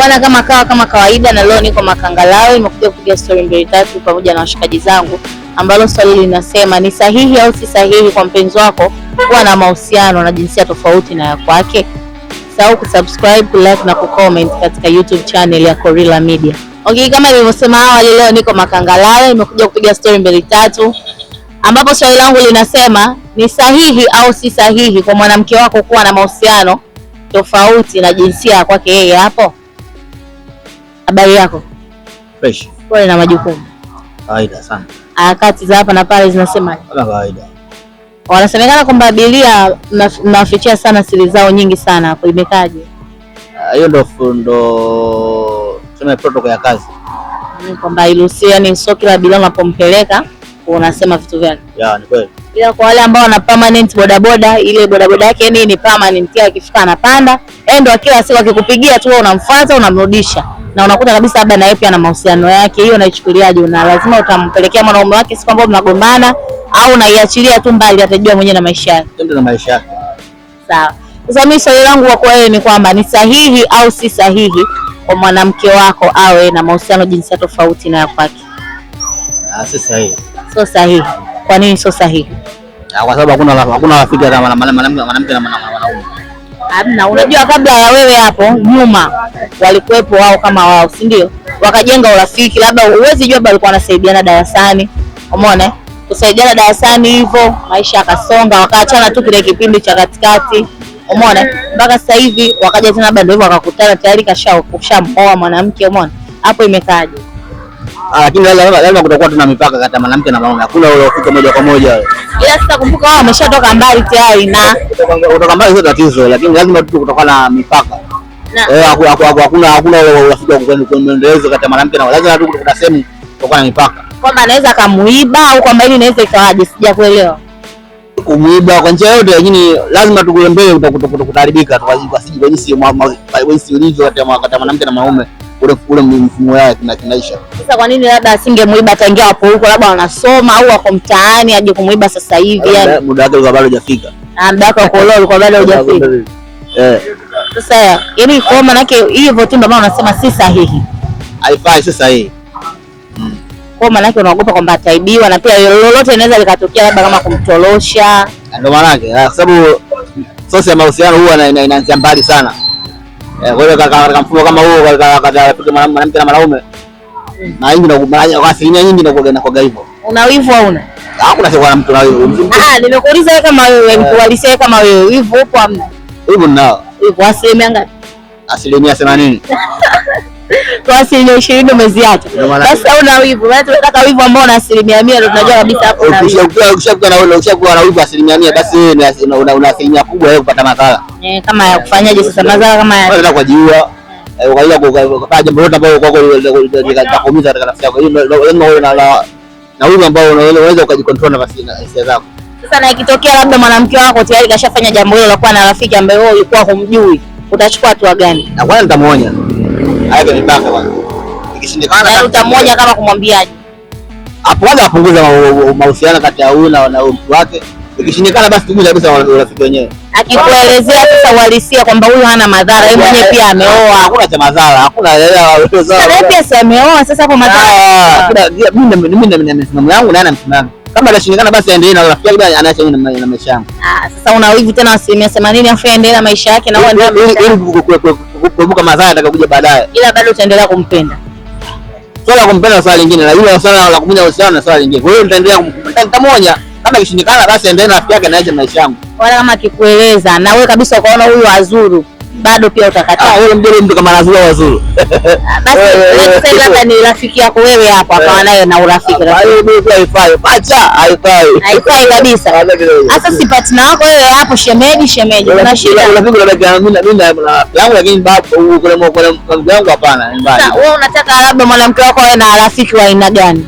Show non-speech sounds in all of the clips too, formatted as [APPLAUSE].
Bwana, kama kawa kama kawaida, na leo niko Makangalawe, nimekuja kupiga story mbili tatu pamoja na washikaji zangu, ambalo swali linasema ni sahihi au si sahihi kwa mpenzi wako kuwa na mahusiano na jinsia tofauti na ya kwake. Sahau kusubscribe, kulike na kucomment katika YouTube channel ya Kolila Media. Okay, kama nilivyosema awali, leo niko Makangalawe, nimekuja kupiga story mbili tatu, ambapo swali langu linasema ni sahihi au si sahihi kwa mwanamke wako kuwa na mahusiano tofauti na jinsia ya kwake yeye hapo Habari yako? Fresh. Pole na majukumu. Ah, kawaida sana. Harakati ah, za hapa na pale zinasema ah, kawaida. Wanasemekana kwamba abiria mnawafichia sana siri zao nyingi sana hapo, imekaje? Hiyo ndo ndo tuseme protokoli ya kazi kwamba ilusi, yani sio kila abiria unapompeleka unasema vitu vyake. Ya, ni kweli ila kwa wale ambao wana permanent bodaboda, ile bodaboda yake yani ni permanent, kila akifika anapanda, yeye ndo kila siku akikupigia tu unamfuata unamrudisha, na unakuta kabisa labda na yeye pia na mahusiano yake. Hiyo naichukuliaje? Na lazima utampelekea mwanaume wake siku ambayo mnagombana, au unaiachilia tu mbali, atajua mwenyewe na maisha yake, ndio na maisha yake. Sawa. Sasa mimi swali langu kwa wewe ni kwamba ni sahihi au si sahihi kwa mwanamke wako awe na mahusiano jinsia tofauti na ya kwake? Ah, si sahihi. Sio sahihi kwa nini sio sahihi? Ah, kwa sababu hakuna hakuna rafiki hata mwanamke na mwanaume. Hamna, unajua kabla ya wewe hapo nyuma walikuwepo wao kama wao, si ndio? Wakajenga urafiki, labda uwezi jua walikuwa wanasaidiana darasani, umeona kusaidiana darasani hivyo, maisha akasonga wakaachana tu kile kipindi cha katikati, umeona mpaka sasa hivi wakaja tena, labda ndio hivyo wakakutana, tayari kashampoa mwanamke, umeona hapo imekaaje? Ah, lakini lazima kutakuwa tuna mipaka kati ya mwanamke na mwanaume. Hakuna ule ufika moja kwa moja wewe. Ila sasa kumbuka wao wameshatoka mbali tayari na kutoka mbali sio tatizo, lakini lazima tu kutoka na mipaka. Eh, hakuna hakuna ule ufika kwa mwendelezo kati ya mwanamke na lazima tu kuna sehemu kutoka na mipaka. Kwamba anaweza akamuiba au kwamba hili inaweza ikawaje, sija kuelewa Kumuiba kwa njia yote, lakini lazima tukule mbele kutaharibika kwa jinsi ilivyo kati ya mwanamke na mwanaume ule ule mfumo yake na kinaisha. Sasa kwa nini labda asingemuiba tangia hapo huko, labda wanasoma au wako mtaani aje kumuiba sasa hivi yani? Muda wake bado hujafika. na ah, muda wake wa [LAUGHS] kuolewa ulikuwa bado hujafika. Eh. Sasa yani kwa maana yake hiyo tu ndio maana unasema si sahihi. Haifai, si sahihi. Hmm. Kwa maana yake unaogopa kwamba ataibiwa na pia lolote linaweza likatokea labda kama kumtorosha. Ndio maana yake, ah, kwa sababu sosi ya mahusiano huwa inaanzia mbali sana. Kwa hiyo katika mfumo kama huo, katika mwanamke na mwanaume mm. na nyingi, kwa asilimia nyingi inakuwa hivyo. Una wivu au una? Ah, hakuna siku mtu na wivu. Ah, nimekuuliza wewe kama wewe, mtu eh. alisiye kama wewe, wivu upo hamna? Wivu ninao. Wivu asilimia ngapi? Asilimia 80. [LAUGHS] kwa asilimia ishirini umeziacha, basi hauna wivu. Maana tunataka wivu ambao una asilimia mia, ndio tunajua kabisa hapo ukishakuwa na wivu asilimia mia, basi una asilimia kubwa wewe kupata madhara kama ya kufanyaje sasa, madhara kama ya kujiua jambo lote ambalo litakuumiza katika nafsi yako, lazima uwe na wivu ambao unaweza ukajikontrol na hisia zako. Sasa na ikitokea labda mwanamke wako tayari kashafanya jambo hilo la kuwa na rafiki ambaye wewe ulikuwa humjui, utachukua hatua gani? Na kwanza nitamuonya bwana. Utamuonya yaani kama kumwambiaje? Hapo kwanza apunguza mahusiano kati ya huyu na mtu wake, ikishindikana basi tuguze kabisa urafiki wenyewe. Akikuelezea sasa uhalisia kwamba huyu hana madhara, yeye mwenyewe pia ameoa, hakuna cha madhara, hakuna Sasa pia si ameoa. Sasa hapo madhara, ah, mimi na msimamo yangu, naye na msimamo wake kama atashindikana basi aendelee na rafiki yake, anaacha na maisha yake. Ah, sasa una wivu tena asilimia themanini afu aendelee na maisha yake, na yaani, yaani, yaani, kuepuka madhara atakayokuja baadaye, ila bado utaendelea kumpenda. Swala kumpenda ni swala lingine, na yule swala la kuvunja uhusiano na swala lingine. Kwa hiyo nitaendelea kumpenda, nitamoja kama kishindikana, basi aendelee na rafiki yake, anaacha maisha yangu, wala kama akikueleza na wewe kabisa ukaona huyu azuru bado pia utakataa. Wewe mjole mtu kama lazima Wazuru. Basi let's say ni rafiki yako wewe hapo akawa naye na urafiki. ni kwa Haifai, acha haifai. Haifai kabisa. Sasa si partner wako wewe hapo shemeji shemeji. Kuna shida. Urafiki na mimi na mimi na yangu lakini babu kule kwa mke wangu hapana. Sasa wewe unataka labda mwanamke wako awe na rafiki wa aina gani?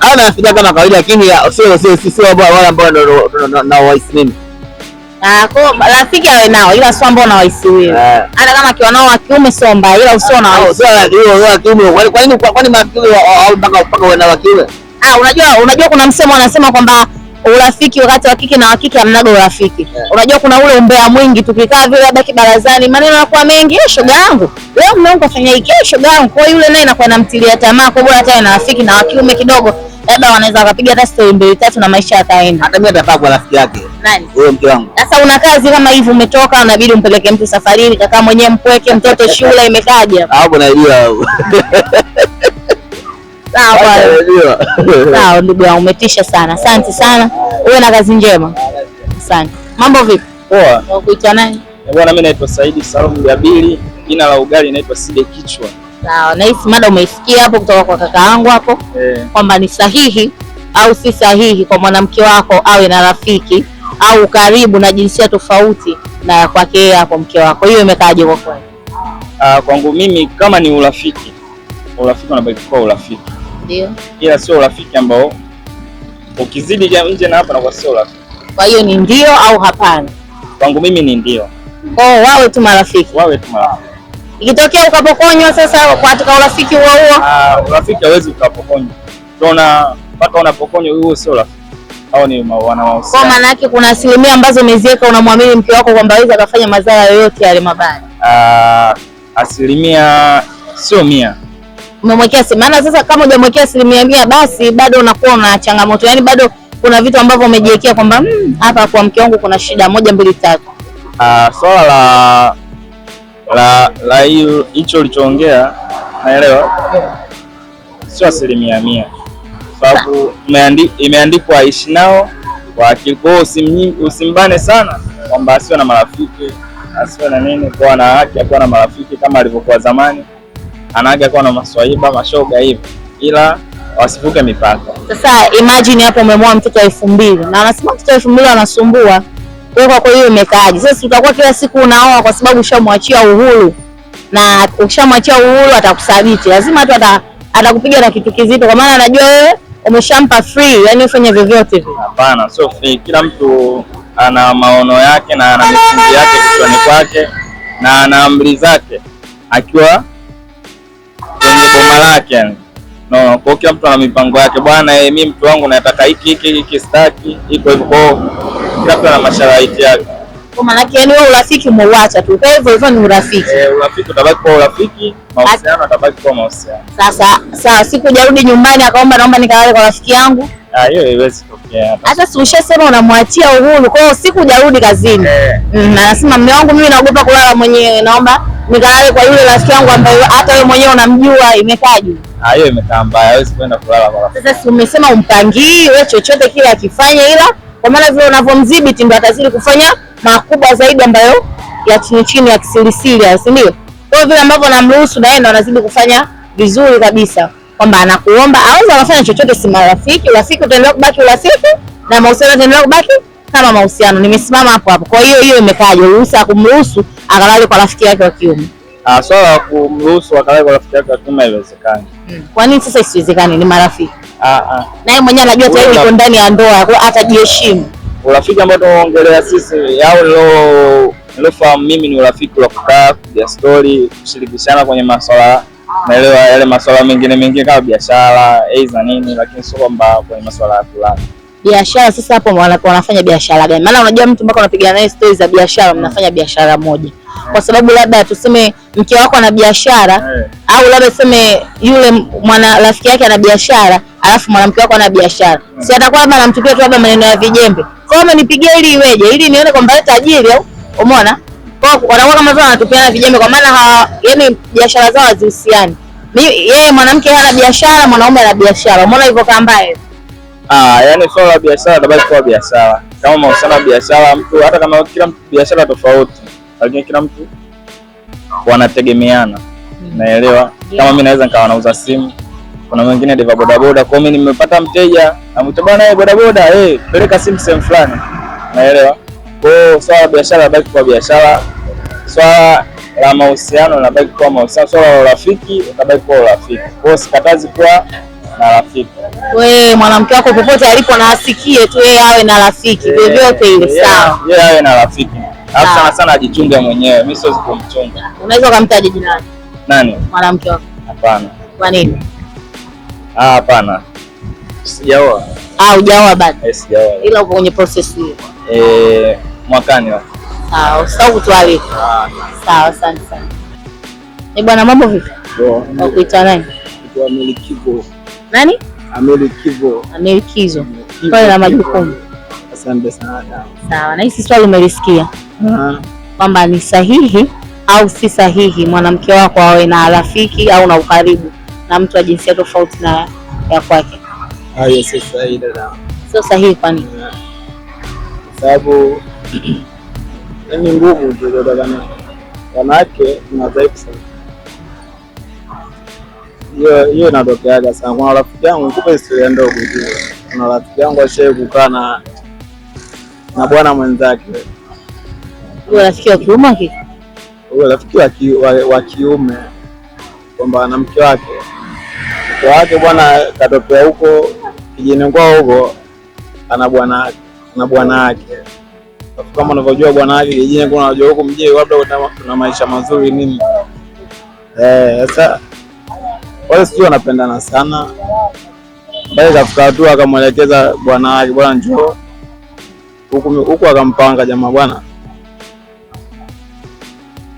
Ana rafiki kama kawaida lakini sio sio sio wale ambao na waisimami. Ah, rafiki awe nao ila sio ambao unawahisi wewe. Eh. Hata kama akiwa nao wa kiume sio mbaya ila usio na ah, wao. Sio kiume. Kwa kwa nini nini au mpaka mpaka wana unawahisi. Ah, unajua unajua kuna msemo anasema kwamba urafiki wakati wa kike na wa kike hamnaga urafiki. Yeah. Unajua kuna ule umbea mwingi tukikaa vile labda kibarazani maneno yanakuwa mengi, eh, shoga yangu. Wewe mume wangu kafanya hiki, eh, shoga yangu. Kwa yule naye inakuwa inamtilia tamaa, kwa hiyo hata ana rafiki na wa kiume kidogo labda wanaweza wakapiga hata stori mbili tatu na maisha yakaenda. Hata mimi atakaa kwa rafiki yake. Nani? Wewe mke wangu. Sasa una kazi kama hivi, umetoka unabidi umpeleke mtu safarini, kakaa mwenyewe, mpweke mtoto shule, imekaja ah, hapo na hiyo Sawa ndugu yangu, umetisha sana. Asante sana, uwe na kazi njema. Asante. Mambo vipi? Poa. Unakuita nani? Bwana, mimi naitwa Saidi Salum Jabili, jina la ugali naitwa Side Kichwa. Sawa, na hisi mada umeisikia hapo kutoka kwa kaka yangu hapo yeah, kwamba ni sahihi au si sahihi kwa mwanamke wako awe na rafiki au karibu na jinsia tofauti na ya kwake yeye hapo mke wako, hiyo imekaaje kwa kweli? Ah, kwangu mimi kama ni urafiki, urafiki unabaki kuwa urafiki, ndio, ila sio urafiki ambao ukizidi nje na hapa nakuwa sio urafiki. Kwa hiyo ni ndio au hapana? Kwangu mimi ni ndio. Oh, wawe tu marafiki, wawe tu marafiki ikitokea ukapokonywa, sasa katika urafiki huo huo, ah, urafiki hawezi ukapokonywa, Tuna mpaka unapokonywa huo sio urafiki Hao ni wanawahusiana. Kwa maana yake kuna asilimia ambazo umeziweka, unamwamini mke wako kwamba hawezi akafanya madhara yoyote yale mabaya. Ah, asilimia sio mia umemwekea, maana sasa kama hujamwekea asilimia mia, basi bado unakuwa una changamoto, yaani bado kuna vitu ambavyo umejiwekea kwamba hmm, hapa, kwa mke wangu kuna shida moja mbili tatu. Ah, swala la la la hicho ulichoongea, naelewa sio asilimia mia, sababu imeandikwa ishi nao kwa akili. Kwa hiyo usimbane sana kwamba asiwe na marafiki asiwe na nini, kwa na haki akuwa na marafiki kama alivyokuwa zamani, anaaga haki kuwa na maswahiba mashoga hivi, ila wasivuke mipaka. Sasa imagine hapo umemwoa mtoto wa elfu mbili na anasema mtoto wa elfu mbili anasumbua wewe kwako hiyo imekaaje? Sasa utakuwa kila siku unaoa kwa sababu ushamwachia uhuru, na ukishamwachia uhuru atakusabiti, lazima tu atakupiga ata na kitu kizito, kwa maana anajua wewe umeshampa free, yani ufanye vyovyote vile. Hapana, sio free. Kila mtu ana maono yake na ana misingi yake kichwani kwake na ana amri zake akiwa kwenye boma lake no, kwa kila mtu ana mipango yake. Bwana, eh, mimi mtu wangu nataka hiki hiki hiki, sitaki iko hivyo kwao kutokana na masharaiti yake. Kwa maana yake yani wewe urafiki umeuacha tu. Kwa hivyo hivyo ni urafiki. Eh, urafiki utabaki kwa urafiki, mahusiano utabaki kwa mahusiano. Sasa sasa sikujarudi nyumbani akaomba naomba nikalale kwa rafiki yangu. Ah, hiyo haiwezi kutokea. Hata si ushasema unamwachia uhuru. Kwa hiyo sikujarudi kazini. Eh. Mm, anasema mume wangu mimi naogopa kulala mwenyewe, naomba nikalale kwa yule rafiki yangu ambaye hata wewe mwenyewe unamjua imekaa Ah, hiyo imekaa mbaya. Hawezi kwenda kulala kwa rafiki. Sasa si umesema umpangii wewe chochote kile akifanya ila kwa maana vile unavyomdhibiti ndio atazidi kufanya makubwa zaidi ambayo ya chini chini ya kisilisili si ndio? Kwa hiyo vile ambavyo namruhusu na yeye ndo anazidi kufanya vizuri kabisa, kwamba anakuomba aweza anafanya chochote. Si marafiki, urafiki utaendelea kubaki urafiki na mahusiano yataendelea kubaki kama mahusiano. Nimesimama hapo hapo. Kwa hiyo hiyo imekaaje, ruhusa ya kumruhusu akalale kwa rafiki yake wa kiume? Ah, swala la kumruhusu akawae kwa rafiki yake wa kiume haiwezekani. Hmm. Kwa nini sasa isiwezekani? Ni marafiki. Ah ah. yeye mwenyewe anajua tayari yuko ndani ya ndoa, kwa atajiheshimu. Urafiki ambao tunaongelea sisi au leo nilofahamu mimi ni urafiki wa kukaa kupiga stori, kushirikishana kwenye masuala naelewa yale masuala mengine mengine kama biashara aidha nini, lakini sio kwamba kwenye masuala ya fulani biashara. Sasa hapo wanafanya biashara gani? Maana unajua mtu mpaka unapiga naye stories za biashara, mnafanya biashara moja kwa sababu labda tuseme mke wako ana biashara yeah. au labda tuseme yule mwana rafiki yake ana biashara alafu mwanamke wako ana biashara yeah. si atakuwa labda anamtupia tu labda maneno ya vijembe, kwa hiyo amenipigia ili iweje, ili nione kwamba yeye tajiri au umeona, kwa wanakuwa kama vile wanatupiana vijembe, kwa maana hawa yani biashara zao hazihusiani. Yeye mwanamke hana biashara, mwanaume ana biashara, umeona hivyo kama mbaya Ah, yani swala la biashara tabaki kwa biashara, kama mahusiano ya biashara mtu hata kama kila mtu biashara tofauti lakini kila mtu wanategemeana, hmm. naelewa kama mimi naweza nikawa nauza simu, kuna mwingine deva bodaboda. Kwa mimi nimepata mteja namwita bwana, hey, bodaboda eh, peleka simu sehemu fulani, naelewa. Kwa hiyo swala biashara labaki kwa biashara, swala la mahusiano labaki kwa mahusiano, swala la urafiki labaki kwa rafiki. Kwa hiyo sikatazi kuwa na rafiki. Wewe mwanamke wako popote alipo na asikie tu, yeye awe na rafiki eh, vyovyote ile, sawa, yeye awe na rafiki Alafu sana sana ajichunge mwenyewe, mimi siwezi kumchunga. Unaweza ukamtaja jina lake? Nani? Mwanamke wako? Hapana. Kwa nini? Ah, hapana. Sijaoa. Ah, hujaoa bado? Eh, sijaoa. Ila uko kwenye process hiyo. Eh, mwakani hapo. Sawa, usisahau kutualika. sawa, asante sana. Ni eh, bwana, mambo vipi? Poa. Ukuita nani? Amelikizo. Nani? Amelikizo. Amelikizo. Pale na majukumu. Asante sana dada. Sawa, na hisi swali umelisikia kwamba ni sahihi au si sahihi mwanamke wako awe na rafiki au na ukaribu na mtu wa jinsia tofauti na ya kwake? Hayo ah, si sahihi dada. Sio sahihi kwa nini? Kwa sababu [CLEARS THROAT] ni yaani ngumu tu dada, wanawake ni wadhaifu sana. Hiyo inatokeaga sana. Kuna rafiki yangu, nikupe historia ndogo tu. Kuna rafiki yangu ashaye kukaa na na bwana mwenzake. Huyo rafiki wa kiume, huyo rafiki wa kiume kwamba na mke wake, mke wake bwana katokea huko kijini kwao huko, ana bwana na bwana wake kama unavyojua bwana wake kijini kuna wajua huko mjini labda kuna maisha mazuri nini. Eh, sasa wale sio wanapendana sana, baada kafika hatua akamwelekeza bwana wake, bwana njoo huku akampanga jamaa, bwana,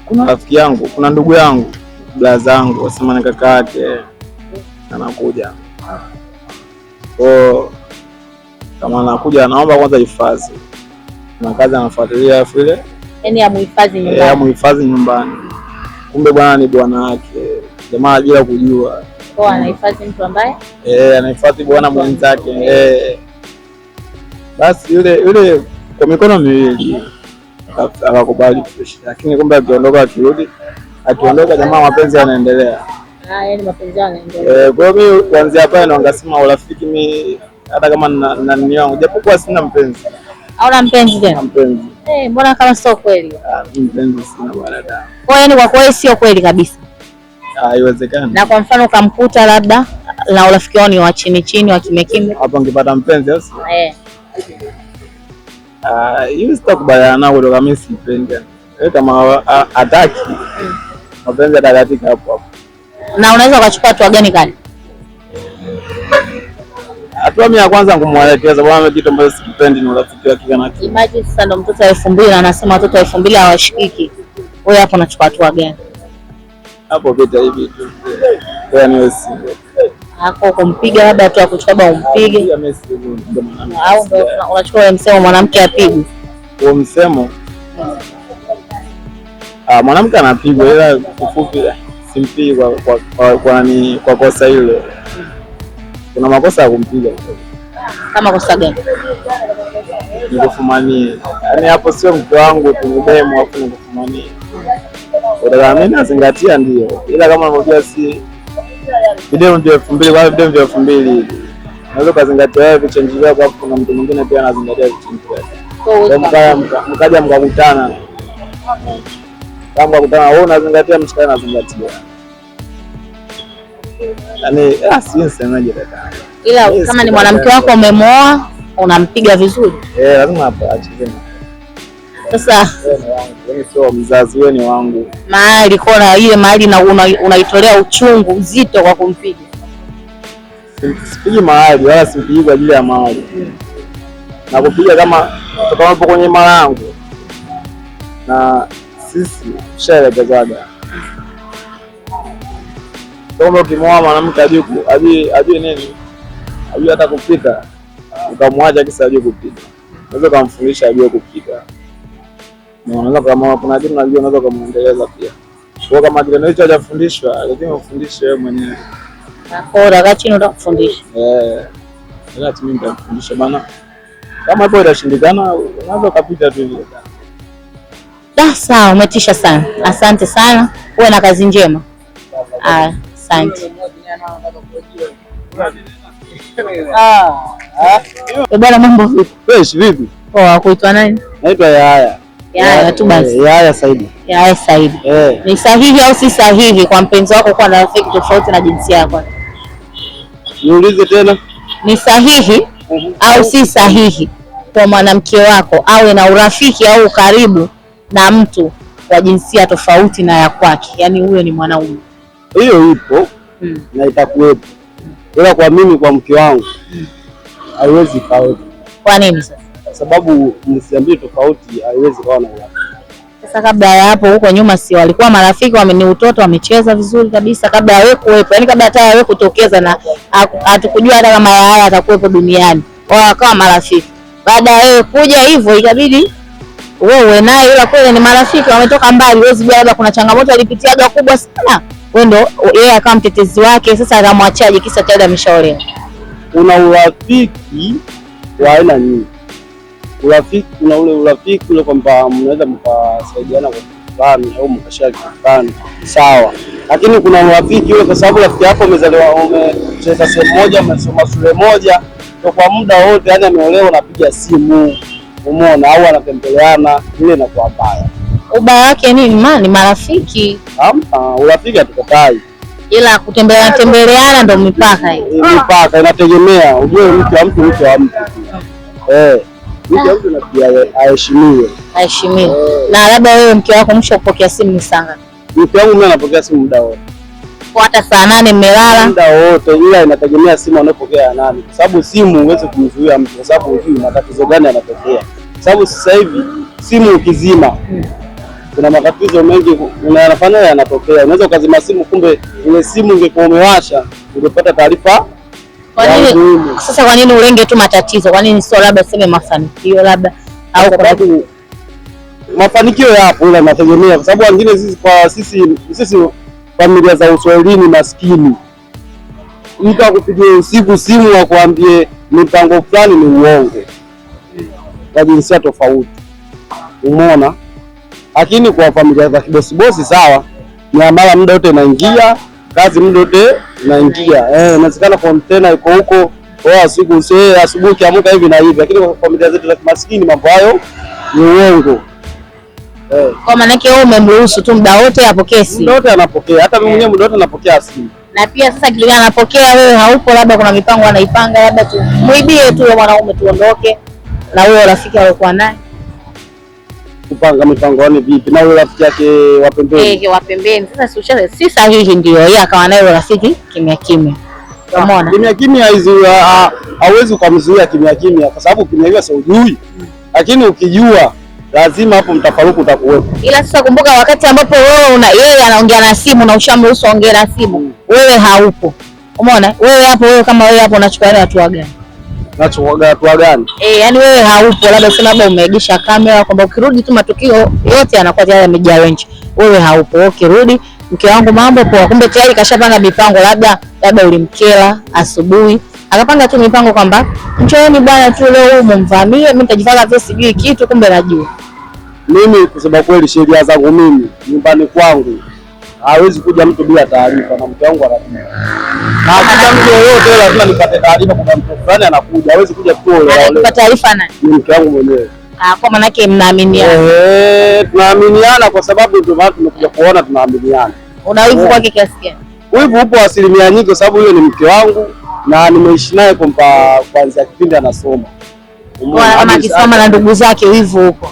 kuna rafiki yangu, kuna ndugu yangu, blaza zangu wasema ni kaka yake anakuja ko, kama anakuja anaomba kwanza hifadhi na kazi anafuatilia, afu ile yaani amuhifadhi eh, nyumbani, nyumbani. Kumbe bwana ni bwana wake jamaa bila kujua, anahifadhi mtu ambaye eh, anahifadhi bwana mwenzake eh, eh basi yule yule kwa mikono miwili akakubali, lakini kumbe akiondoka, akirudi, akiondoka jamaa, mapenzi yanaendelea. Ah, eh, kwa mi kwanzia kuanzia pale ndo ngasema urafiki mi hata kama na nini wangu, japokuwa sina mpenzi. Hauna mpenzi tena? Mpenzi eh, mbona kama sio kweli? Ah, mpenzi sina bwana da. Kwa kwa kweli sio kweli kabisa, ah, haiwezekani. Na kwa mfano ukamkuta labda na urafiki wao ni wa chini chini, wa kimekime. hapo ungepata mpenzi sasa? Eh hivi sitakubaliana nao kutoka mimi sipendi. Kama hataki mapenzi atakatika hapo hapo. Na unaweza ukachukua hatua gani kali? Hatua mimi ya kwanza kumwelekeza bwana, kitu ambacho sikipendi ni urafiki wa kika na kika. Imagine sasa ndo mtoto elfu mbili na anasema watoto elfu mbili hawashikiki, wewe hapo unachukua hatua gani hapo? Vita hivi tu, yaani wewe ako kumpiga labda tu akuchukua umpige, au unachukua unachukua msemo mwanamke apigwe? Huo msemo ah mwanamke anapigwa, ila kufupi eh, simpigi kwa kwa kwa, kwa, kwa ni, kosa hilo. Kuna makosa ya kumpiga. Kama kosa gani? Nikufumanie, yaani hapo sio mke wangu tunidemu, afu nikufumanie, utakaa mimi nazingatia, ndio, ila kama navyojua si video ndio elfu mbili kwa videmu vya elfu mbili hivi unaweza ukazingatia wewe vichenji vyako, hapo kuna mtu mwingine pia anazingatia vichenji vyake, mkaja mkakutana, kama mkakutana wewe unazingatia, mshikaji anazingatia yaani, ah, sijui nisemaje kaka, Ila yaani, kama ni mwanamke wako umemwoa, unampiga vizuri, eh, lazima hapo acheze sasa sio mzazi, wewe ni wangu. Mahali kona ile mahali unaitolea una uchungu uzito kwa kumpiga. Sipigi mahali wala sipigi kwa ajili ya mahali, nakupiga kama tokanapo kwenye malango, na sisi tushaelekezana kwamba ukimwoa mwanamke ajuku ajui nini, ajui hata kupika, ukamwacha kisa ajui kupika, unaweza kumfundisha ajue kupika unaweza kama kuna kitu unajua unaweza kumuendeleza pia. Kwa kama kile ndicho hajafundishwa, lazima ufundishe wewe mwenyewe. gachi ndo kufundisha. Eh. Ila mimi kufundisha bana. Kama hapo itashindikana, unaweza kupita tu hivyo. Da, sawa, umetisha sana. Asante sana. Uwe na kazi njema. Ah, asante. Ah. Eh, bwana mambo vipi? Vipi? Poa, kuitwa nani? Naitwa Yaya. Yaya tu basi. Eh, Yaya Saidi. Yaya Saidi. Eh. Ni sahihi au si sahihi kwa mpenzi wako kuwa na rafiki tofauti na jinsia yako? Niulize tena. Ni sahihi uh-huh. au si sahihi kwa mwanamke wako awe na urafiki au ukaribu na mtu wa jinsia tofauti na ya kwake, yaani huyo ni mwanaume? Hiyo ipo hmm, na itakuwepo, ila kwa mimi, kwa mke wangu hmm. haiwezi hmm, kawepo. Kwa nini sasa? kwa sababu jinsia mbili tofauti haiwezi kuwa na urafiki. Sasa kabla ya hapo, huko nyuma, si walikuwa marafiki, wameni utoto, wamecheza vizuri kabisa, kabla ya wewe kuwepo, yani kabla hata ya wewe kutokeza, na hatukujua hata kama Yahaya atakuwepo duniani, wao wakawa marafiki. Baada ya wewe kuja hivyo, ikabidi wewe naye, ila kweli ni marafiki, wametoka mbali, huwezi jua labda kuna changamoto alipitiaga kubwa sana, wewe ndio yeye akawa mtetezi wake. Sasa atamwachaje kisa tayari ameshaolewa? Kuna urafiki wa aina nyingi urafiki, kuna ule urafiki ule kwamba mnaweza mkasaidiana kwa fulani au mkashare kitu fulani sawa, lakini kuna urafiki ule, kwa sababu rafiki yako umezaliwa umecheza sehemu moja, umesoma shule moja, kwa kwa muda wote yani ameolewa, unapiga simu, umeona, au anatembeleana, ile inakuwa mbaya. Ubaya wake nini? ma ni marafiki, urafiki hatukatai, ila kutembelea yaani tembeleana ndo mipaka hiyo. Mipaka inategemea ujue mtu wa mtu, mtu wa mtu eh aheshimiwe, aheshimiwe. Eh. Na labda wewe mke wako mwisho kupokea simu ni saa ngapi? Mke wangu mimi anapokea simu muda wote, hata saa nane mmelala muda wote, ila inategemea simu anayopokea nani, kwa sababu simu huwezi kumzuia mtu, kwa sababu hujui matatizo gani anatokea, kwa sababu sasa hivi simu ukizima hmm. kuna matatizo mengi yanafanya yanatokea. Unaweza ukazima simu, kumbe ile simu ingekuwa umewasha ungepata taarifa kwa nini sasa, kwa nini ulenge tu matatizo? Kwa nini sio labda sema mafanikio labda, au sababu mafanikio yapo, ila nategemea, kwa sababu wengine sisi kwa sisi sisi familia za uswahilini maskini, mtu akupigia usiku simu kuambie mipango fulani ni uongo kwa jinsia tofauti, umeona. Lakini kwa familia za kibosibosi sawa, miamala muda wote inaingia kazi mdote naingia unaingia. Eh, inawezekana container iko huko kwa siku usee asubuhi kiamuka hivi na hivi, lakini kwa familia zetu za kimasikini mambo hayo ni uongo. Eh. kwa maana yake wewe umemruhusu tu muda wote apokee simu, muda wote anapokea, hata mimi mwenyewe muda wote anapokea simu na pia sasa kilingana anapokea, wewe haupo, labda kuna mipango anaipanga, labda tu muibie tu mwanaume tuondoke na huyo rafiki aliokuwa naye kupanga mipangoni vipi na yule rafiki yake wa pembeni, wa pembeni. Sasa si sahihi, ndio yeye akawa naye rafiki kimya kimya, umeona kimya kimya. Hizi ah, ah, hauwezi ukamzuia kimya kimya, kwa sababu kimya hiyo sio ujui, lakini ukijua lazima hapo mtafaruku utakuwepo. Ila sasa kumbuka, wakati ambapo wewe yeye anaongea na simu na ushamruhusu aongee na simu, wewe haupo, umeona wewe hapo, wewe kama wewe hapo unachukua hatua gani? Nachowaga hatua gani? Eh, yani wewe haupo, labda sema labda umeegesha kamera kwamba ukirudi tu matukio yote yanakuwa tayari yamejaa range. Wewe haupo, ukirudi mke wangu mambo poa, kumbe tayari kashapanga mipango, labda labda ulimkela asubuhi akapanga tu mipango kwamba njooni bwana tu leo huyu mumvamie, mimi nitajifanya vile sijui kitu, kumbe najua. Mimi kusema kweli, sheria zangu mimi nyumbani kwangu hawezi kuja mtu bila taarifa, na mke wangu anajua na hakika mtu yoyote lazima nipate taarifa kwamba mtu fulani anakuja. Hawezi kuja tu leo. Taarifa nani? Ni mke wangu mwenyewe. Ah, kwa maana yake mnaaminiana. Eh, tunaaminiana kwa sababu ndio maana tumekuja kuona tunaaminiana. Una wivu eh. kwake kiasi gani? Wivu upo asilimia nyingi kwa sababu hiyo ni mke wangu na nimeishi naye kumpa kuanzia kipindi anasoma. Kama akisoma na ndugu zake wivu upo.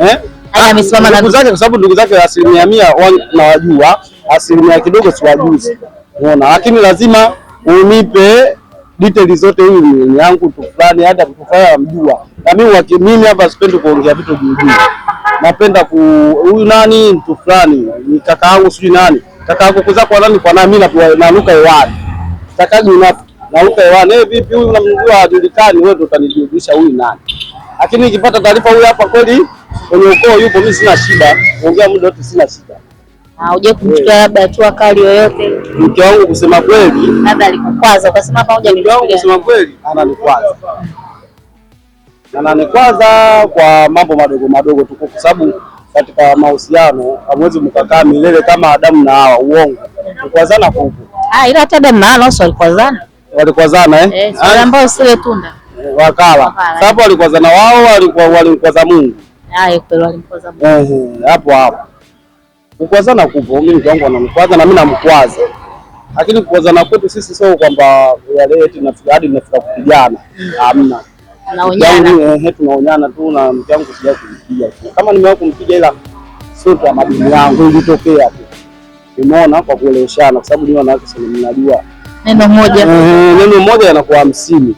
Eh? Ah, ndugu zake kwa sababu ndugu zake asilimia mia nawajua, asilimia kidogo siwajui kuona, lakini lazima unipe details zote, huyu ni yangu tu fulani, hata mtu fulani amjua. Na mimi wa mimi hapa sipendi kuongea vitu juu juu, napenda ku huyu nani mtu fulani ni kaka yangu sijui nani kaka yako kuzaa kwa nani kwa nani, mimi na nanuka hewani takaji na Luka hewani eh, vipi huyu unamjua Ajulikani wewe ndio utanijulisha huyu nani. Lakini nikipata taarifa huyu hapa kweli kwenye ukoo yupo, mimi sina shida, ongea muda wote, sina shida. Hauje kumchukua labda hatua kali yoyote? Mke wangu kusema kweli, labda alikukwaza ukasema pamoja. Mke wangu kusema kweli, ananikwaza ananikwaza kwa mambo madogo madogo tu, kwa sababu katika mahusiano hamwezi mkakaa milele kama Adamu na Hawa. Uongo kukwazana kubwa. Ah, ila hata Adamu na Hawa nao walikwazana, walikwazana eh, eh ambao sile tunda wakala sababu, walikwazana wao, walimkwaza Mungu hapo hapo kukwazana kupo, mimi kwangu anamkwaza na mimi namkwaza, lakini kukwazana kwetu sisi sio kwamba yale eti tunafika hadi tunafika kupigana, hamna. Tunaonyana, ehe, tunaonyana tu na mke wangu sija kumpiga kama nimewahi kumpiga, ila sio madini yangu, ilitokea tu, umeona, kwa kueleweshana, kwa sababu ni wanawake, sio mnajua neno moja neno moja anakuwa hamsini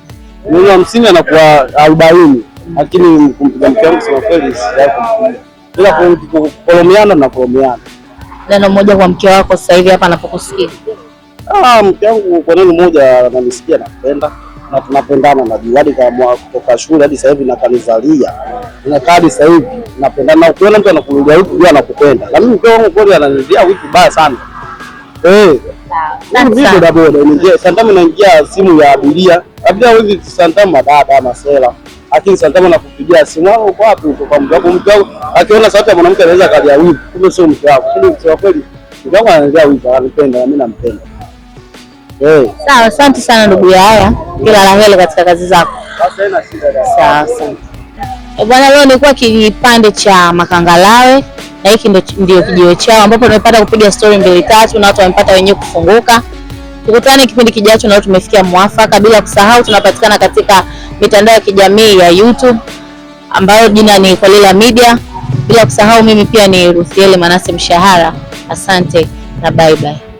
neno hamsini anakuwa arobaini lakini kumpiga mke wangu sema kweli, sijawahi kumpiga, ila kukoromeana na kukoromeana neno moja kwa mke wako sasa hivi hapa anapokusikia? Ah, mke wangu kwa neno moja ananisikia, nakupenda na tunapendana na juhadi kama kutoka shule hadi sasa hivi na kanizalia na kadi sasa hivi napendana. Ukiona mtu anakurudia huku yeye anakupenda, na mimi mke wangu kweli ananirudia huku baya sana eh. ndio ndio naingia ndio naingia simu ya abilia abiria wengi ndio madada masela lakini sasa kama nakupigia simu wangu uko wapi, uko kwa mtu wako, mtu wako akiona sauti ya mwanamke anaweza akalia wivu, kumbe sio mtu wako. Kile Lakini kwa kweli mke wako analia wivu, anapenda na mimi nampenda. Eh, sawa, asante sana ndugu yaya, kila la heri katika kazi zako. Sasa sawa sawa. E eh, bwana, leo nilikuwa kipande cha Makangalawe na hiki ndio kijio chao ambapo nimepata kupiga story mbili tatu na watu wamepata wenyewe kufunguka Tukutane kipindi kijacho na tumefikia mwafaka. Bila kusahau, tunapatikana katika mitandao ya kijamii ya YouTube ambayo jina ni Kolila Media. Bila kusahau, mimi pia ni Ruthieli Manase Mshahara. Asante na bye bye.